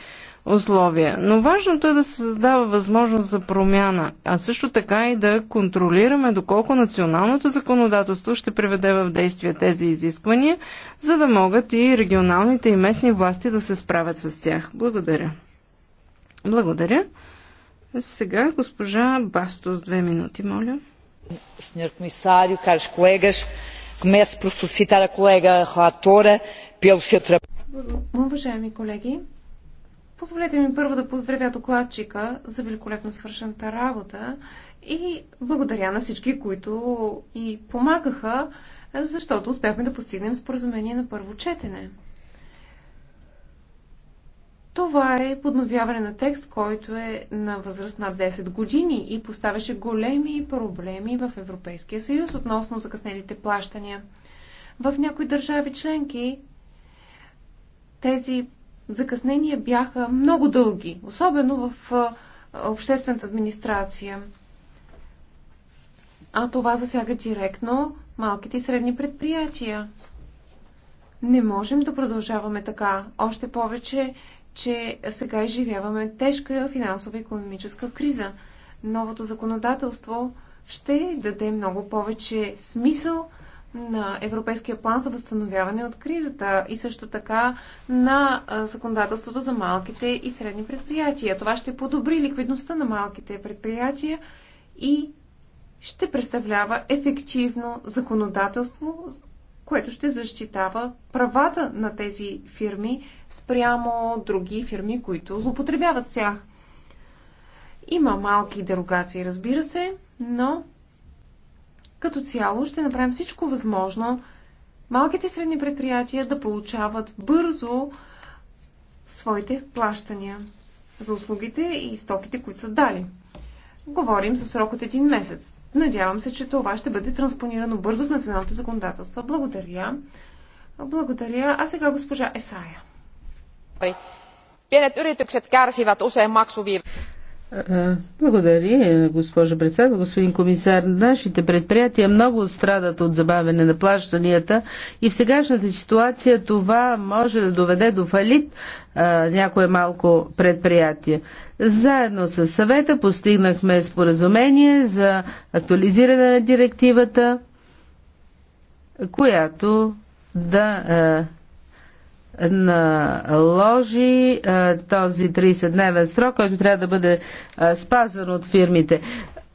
условия. Но важното е да се създава възможност за промяна, а също така и да контролираме доколко националното законодателство ще приведе в действие тези изисквания, за да могат и регионалните и местни власти да се справят с тях. Благодаря. Благодаря. Сега госпожа Бастос, две минути, моля. Сеньор комисарио, caros колегаш, комес por felicitar a colega relatora pelo Уважаеми колеги, Позволете ми първо да поздравя докладчика за великолепно свършената работа и благодаря на всички, които и помагаха, защото успяхме да постигнем споразумение на първо четене. Това е подновяване на текст, който е на възраст над 10 години и поставяше големи проблеми в Европейския съюз относно закъснелите плащания. В някои държави членки тези закъснения бяха много дълги, особено в обществената администрация. А това засяга директно малките и средни предприятия. Не можем да продължаваме така, още повече, че сега изживяваме тежка финансова и економическа криза. Новото законодателство ще даде много повече смисъл на Европейския план за възстановяване от кризата и също така на законодателството за малките и средни предприятия. Това ще подобри ликвидността на малките предприятия и ще представлява ефективно законодателство, което ще защитава правата на тези фирми спрямо други фирми, които злоупотребяват с тях. Има малки дерогации, разбира се, но като цяло ще направим всичко възможно малките и средни предприятия да получават бързо своите плащания за услугите и стоките, които са дали. Говорим за срок от един месец. Надявам се, че това ще бъде транспонирано бързо в националните законодателства. Благодаря. Благодаря. А сега госпожа Есая. Pienet yritykset kärsivät usein maksuviiveistä. Благодаря, госпожо председател, господин комисар. Нашите предприятия много страдат от забавяне на плащанията и в сегашната ситуация това може да доведе до фалит някое малко предприятие. Заедно с съвета постигнахме споразумение за актуализиране на директивата, която да а, наложи този 30-дневен срок, който трябва да бъде спазван от фирмите.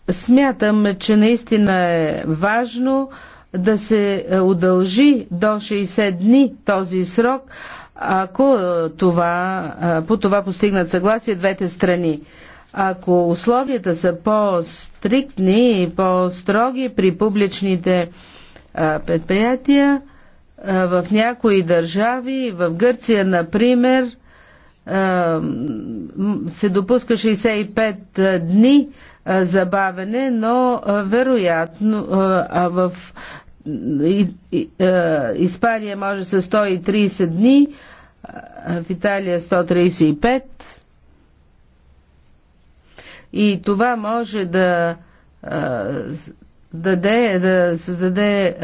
Смятам, че наистина е важно да се удължи до 60 дни този срок, ако това, по това постигнат съгласие двете страни. Ако условията са по-стриктни и по-строги при публичните предприятия, в някои държави, в Гърция, например, се допуска 65 дни забавене, но вероятно а в Испания може с 130 дни, в Италия 135. И това може да даде, да създаде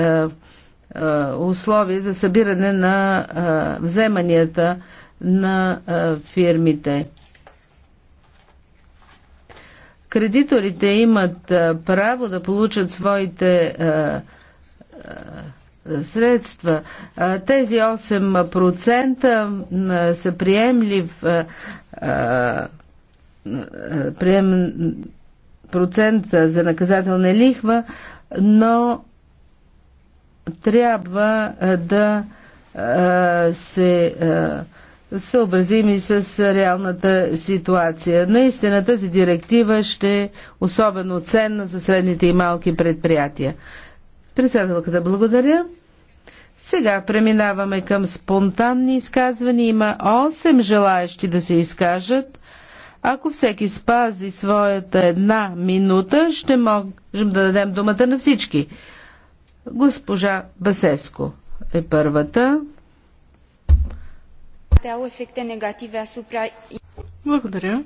е, условия за събиране на е, вземанията на е, фирмите. Кредиторите имат право да получат своите средства. Тези 8% са приемлив прием процент за наказателна лихва, но трябва е, да е, се е, съобразим и с реалната ситуация. Наистина тази директива ще е особено ценна за средните и малки предприятия. Председателката, благодаря. Сега преминаваме към спонтанни изказвания. Има 8 желаящи да се изкажат. Ако всеки спази своята една минута, ще можем да дадем думата на всички. Госпожа Басеско е първата. Благодаря.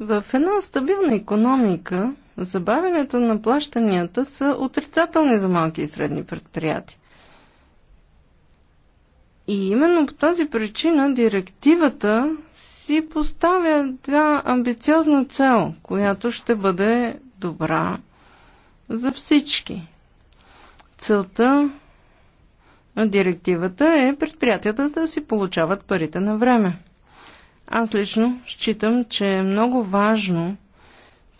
В една стабилна економика забавянето на плащанията са отрицателни за малки и средни предприятия. И именно по тази причина директивата си поставя една амбициозна цел, която ще бъде добра за всички. Целта на директивата е предприятията да си получават парите на време. Аз лично считам, че е много важно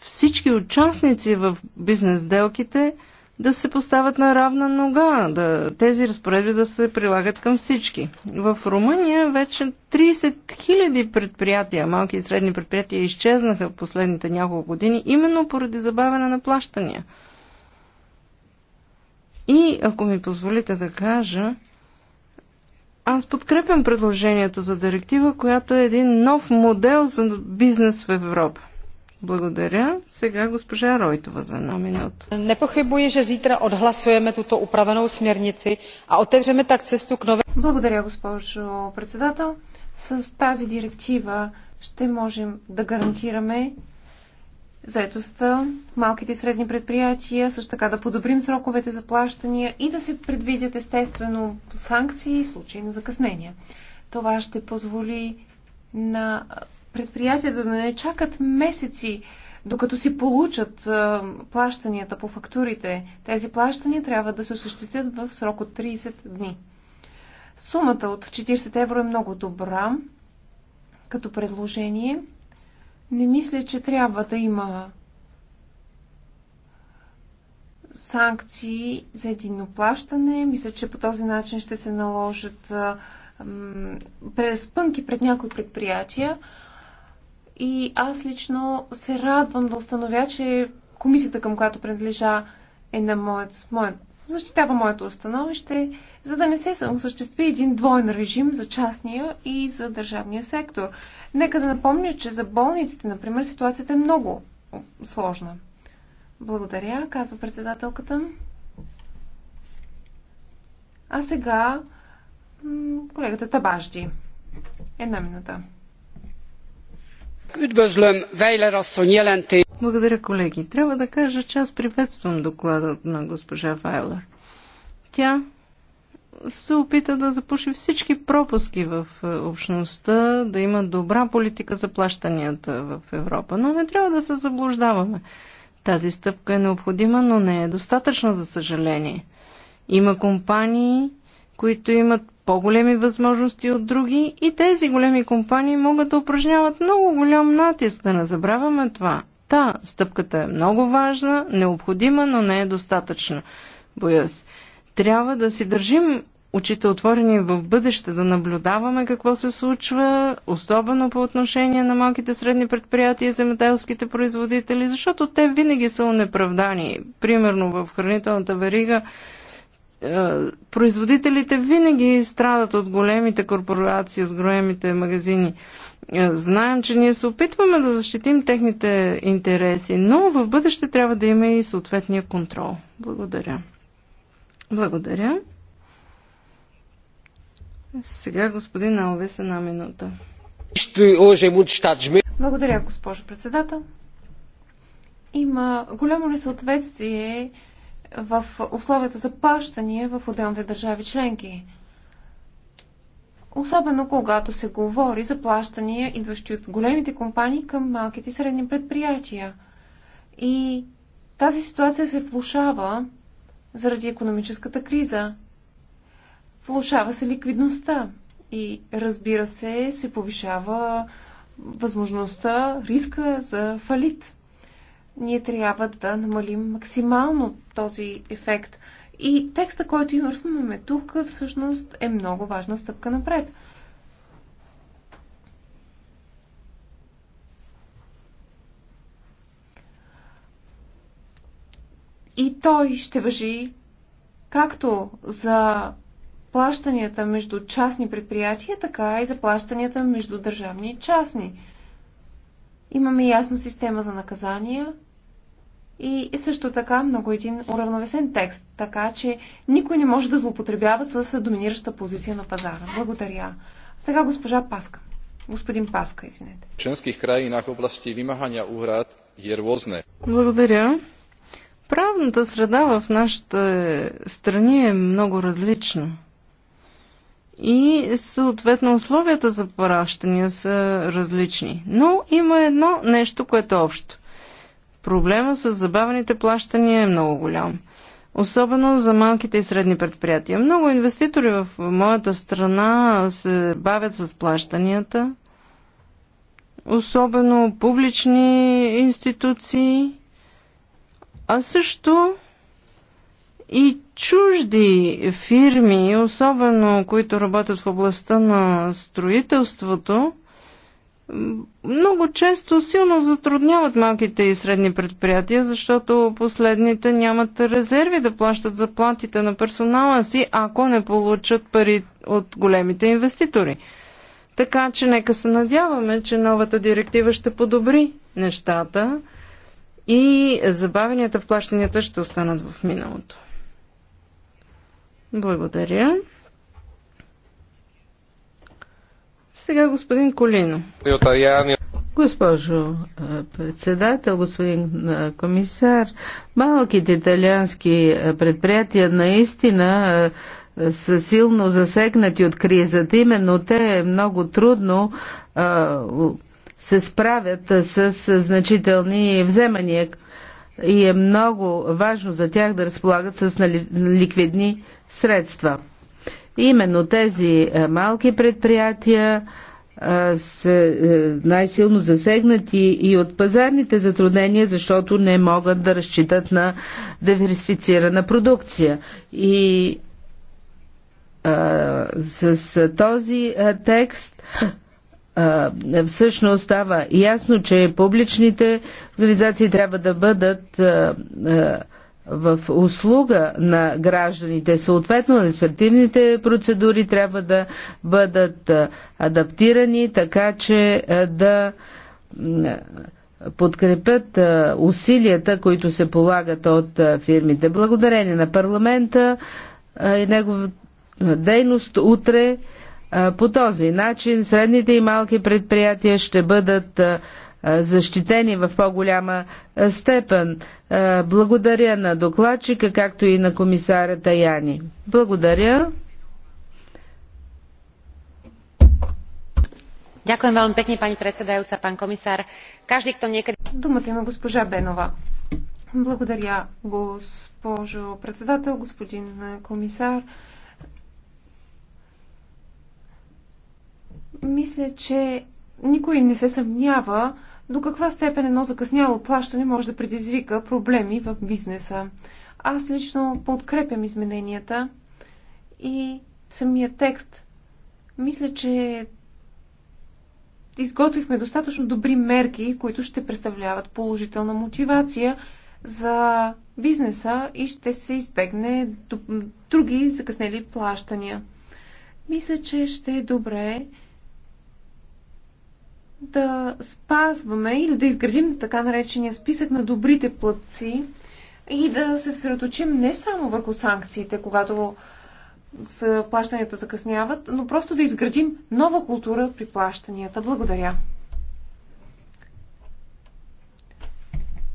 всички участници в бизнес делките – да се поставят на равна нога, да, тези разпоредби да се прилагат към всички. В Румъния вече 30 000 предприятия, малки и средни предприятия, изчезнаха в последните няколко години, именно поради забавяне на плащания. И, ако ми позволите да кажа, аз подкрепям предложението за директива, която е един нов модел за бизнес в Европа. Благодаря. Сега госпожа Ройтова за една минута. Непochybuji, že zítra odhlasujeme tuto upravenou směrnici a otevřeme tak cestu k nové... Благодаря, госпожо председател. С тази директива ще можем да гарантираме заетостта, малките и средни предприятия, също така да подобрим сроковете за плащания и да се предвидят естествено санкции в случай на закъснения. Това ще позволи на предприятията да не чакат месеци, докато си получат плащанията по фактурите. Тези плащания трябва да се осъществят в срок от 30 дни. Сумата от 40 евро е много добра като предложение. Не мисля, че трябва да има санкции за единно плащане. Мисля, че по този начин ще се наложат преспънки пред някои предприятия, и аз лично се радвам да установя, че комисията, към която принадлежа, е на моят, моят защитава моето установище, за да не се осъществи един двоен режим за частния и за държавния сектор. Нека да напомня, че за болниците, например, ситуацията е много сложна. Благодаря, казва председателката. А сега колегата Табажди. Една минута. Благодаря, колеги. Трябва да кажа, че аз приветствам доклада на госпожа Вайлер. Тя се опита да запуши всички пропуски в е, общността, да има добра политика за плащанията в Европа. Но не трябва да се заблуждаваме. Тази стъпка е необходима, но не е достатъчна, за съжаление. Има компании, които имат по-големи възможности от други и тези големи компании могат да упражняват много голям натиск, да не забравяме това. Та, стъпката е много важна, необходима, но не е достатъчна. Бояс, Трябва да си държим очите отворени в бъдеще, да наблюдаваме какво се случва, особено по отношение на малките средни предприятия и земеделските производители, защото те винаги са унеправдани. Примерно в хранителната верига е, производителите винаги страдат от големите корпорации, от големите магазини. Е, знаем, че ние се опитваме да защитим техните интереси, но в бъдеще трябва да има и съответния контрол. Благодаря. Благодаря. Сега господин Алвес една минута. Благодаря, госпожо председател. Има голямо несъответствие в условията за плащания в отделните държави членки. Особено когато се говори за плащания, идващи от големите компании към малките и средни предприятия. И тази ситуация се влушава заради економическата криза. Влушава се ликвидността и разбира се, се повишава възможността, риска за фалит ние трябва да намалим максимално този ефект. И текста, който им върсваме тук, всъщност е много важна стъпка напред. И той ще въжи както за плащанията между частни предприятия, така и за плащанията между държавни и частни Имаме ясна система за наказания и, и също така много един уравновесен текст, така че никой не може да злоупотребява с доминираща позиция на пазара. Благодаря. Сега госпожа Паска. Господин Паска, извинете. В членских краинах области вимахания уград е рвозне. Благодаря. Правната среда в нашите страни е много различна и съответно условията за пращания са различни. Но има едно нещо, което е общо. Проблема с забавените плащания е много голям. Особено за малките и средни предприятия. Много инвеститори в моята страна се бавят с плащанията. Особено публични институции. А също и чужди фирми, особено които работят в областта на строителството, много често силно затрудняват малките и средни предприятия, защото последните нямат резерви да плащат заплатите на персонала си, ако не получат пари от големите инвеститори. Така че нека се надяваме, че новата директива ще подобри нещата и забавенията в плащанията ще останат в миналото. Благодаря. Сега господин Колино. Госпожо председател, господин комисар, малките италиански предприятия наистина са силно засегнати от кризата. Именно те е много трудно се справят с значителни вземания и е много важно за тях да разполагат с нали, ликвидни средства. Именно тези е, малки предприятия е, са е, най-силно засегнати и от пазарните затруднения, защото не могат да разчитат на диверсифицирана продукция. И а, с този текст всъщност става ясно, че публичните организации трябва да бъдат в услуга на гражданите. Съответно, административните процедури трябва да бъдат адаптирани, така че да подкрепят усилията, които се полагат от фирмите. Благодарение на парламента и неговата дейност утре по този начин средните и малки предприятия ще бъдат защитени в по-голяма степен. Благодаря на докладчика, както и на комисаря Таяни. Благодаря. Ďakujem вам pekne, пани председаюца, пан комисар. Каждый, кто niekedy... Думата има госпожа Бенова. Благодаря, госпожо председател, господин комисар. Мисля, че никой не се съмнява до каква степен едно закъсняло плащане може да предизвика проблеми в бизнеса. Аз лично подкрепям измененията и самия текст. Мисля, че изготвихме достатъчно добри мерки, които ще представляват положителна мотивация за бизнеса и ще се избегне други закъснели плащания. Мисля, че ще е добре да спазваме или да изградим така наречения списък на добрите плътци и да се средоточим не само върху санкциите, когато с плащанията закъсняват, но просто да изградим нова култура при плащанията. Благодаря.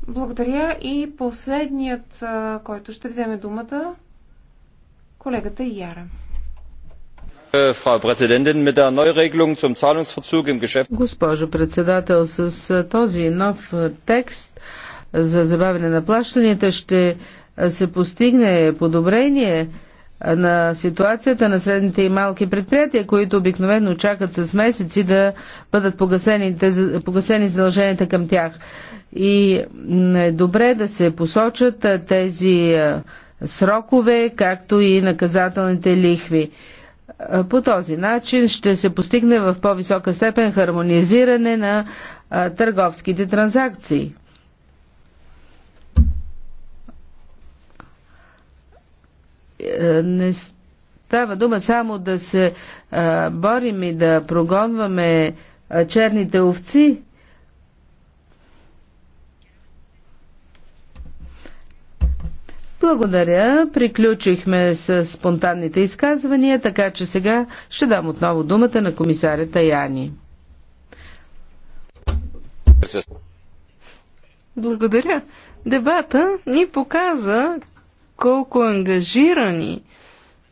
Благодаря и последният, който ще вземе думата, колегата Яра. Госпожо председател, с този нов текст за забавяне на плащанията ще се постигне подобрение на ситуацията на средните и малки предприятия, които обикновено чакат с месеци да бъдат погасени, погасени задълженията към тях. И е добре да се посочат тези срокове, както и наказателните лихви. Е, по този начин ще се постигне в по-висока степен хармонизиране на е, търговските транзакции. Е, не става дума само да се борим и да прогонваме черните овци, Благодаря. Приключихме с спонтанните изказвания, така че сега ще дам отново думата на комисаря Таяни. Благодаря. Дебата ни показа колко ангажирани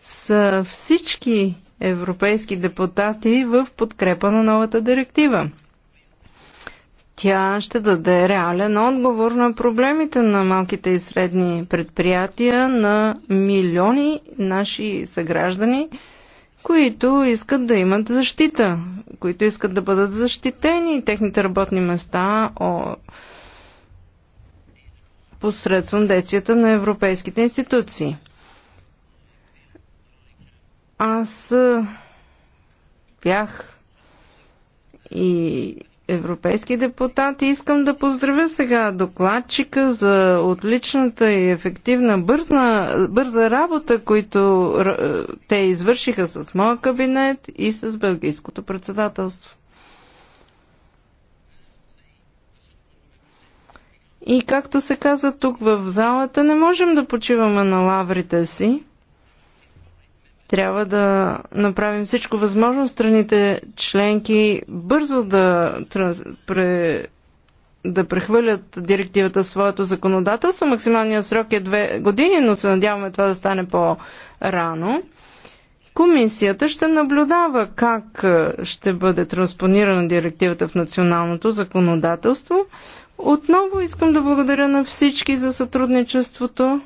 са всички европейски депутати в подкрепа на новата директива. Тя ще даде реален отговор на проблемите на малките и средни предприятия, на милиони наши съграждани, които искат да имат защита, които искат да бъдат защитени техните работни места о... посредством действията на европейските институции. Аз бях и европейски депутат и искам да поздравя сега докладчика за отличната и ефективна бързна, бърза работа, които е, те извършиха с моя кабинет и с Белгийското председателство. И както се каза тук в залата, не можем да почиваме на лаврите си. Трябва да направим всичко възможно страните членки бързо да, пре, да прехвърлят директивата в своето законодателство. Максималният срок е две години, но се надяваме това да стане по-рано. Комисията ще наблюдава как е, ще бъде транспонирана директивата в националното законодателство. Отново искам да благодаря на всички за сътрудничеството.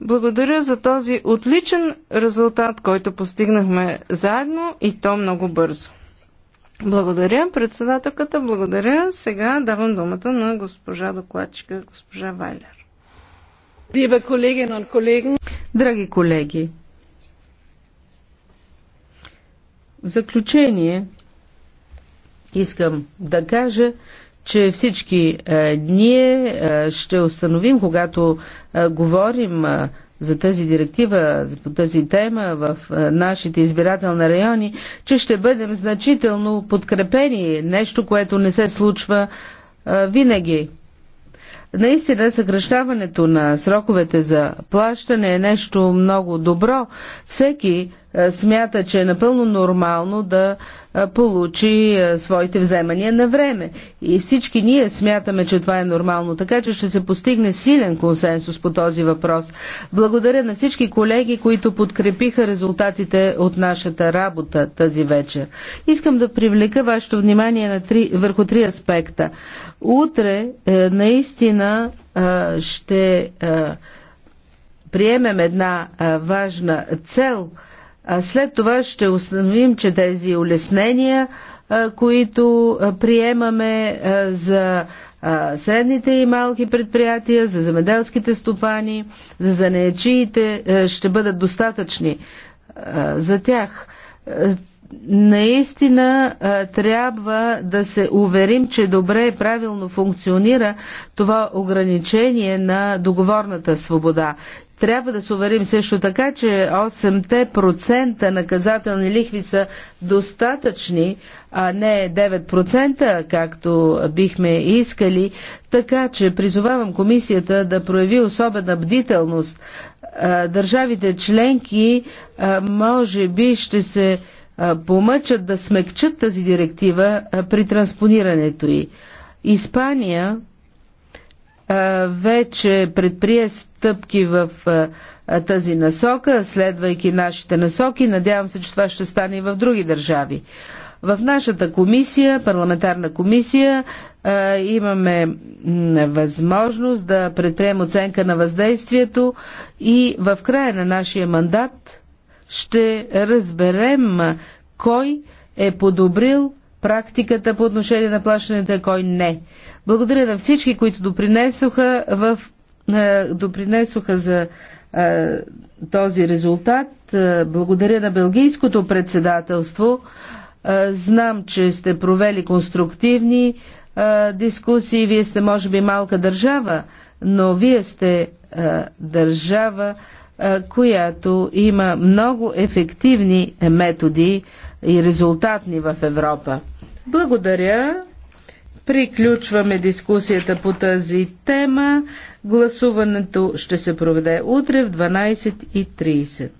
Благодаря за този отличен резултат, който постигнахме заедно и то много бързо. Благодаря, председателката. Благодаря. Сега давам думата на госпожа докладчика, госпожа Вайлер. Драги колеги, в заключение искам да кажа, че всички е, ние е, ще установим, когато е, говорим за тази директива, по тази тема в нашите избирателни райони, че ще бъдем значително подкрепени. Нещо, което не се случва винаги. Наистина съкръщаването на сроковете за плащане е нещо много добро. Всеки смята, че е напълно нормално да получи своите вземания на време. И всички ние смятаме, че това е нормално, така че ще се постигне силен консенсус по този въпрос. Благодаря на всички колеги, които подкрепиха резултатите от нашата работа тази вечер. Искам да привлека вашето внимание на три, върху три аспекта. Утре е, наистина е, ще е, приемем една е, важна цел – след това ще установим, че тези улеснения, които приемаме за средните и малки предприятия, за земеделските стопани, за занечиите, ще бъдат достатъчни за тях. Наистина трябва да се уверим, че добре и правилно функционира това ограничение на договорната свобода трябва да се уверим също така, че 8% наказателни лихви са достатъчни, а не 9%, както бихме искали, така че призовавам комисията да прояви особена бдителност. Държавите членки може би ще се помъчат да смекчат тази директива при транспонирането й. Испания вече предприе стъпки в тази насока, следвайки нашите насоки. Надявам се, че това ще стане и в други държави. В нашата комисия, парламентарна комисия, имаме възможност да предприемем оценка на въздействието и в края на нашия мандат ще разберем кой е подобрил практиката по отношение на плащането, кой не. Благодаря на всички, които допринесоха в е, допринесоха за е, този резултат. Е, благодаря на Белгийското председателство. Знам, че сте провели конструктивни дискусии. Вие сте, може би, малка държава, но вие сте държава, която има много ефективни методи и резултатни в Европа. Благодаря. Приключваме дискусията по тази тема. Гласуването ще се проведе утре в 12.30.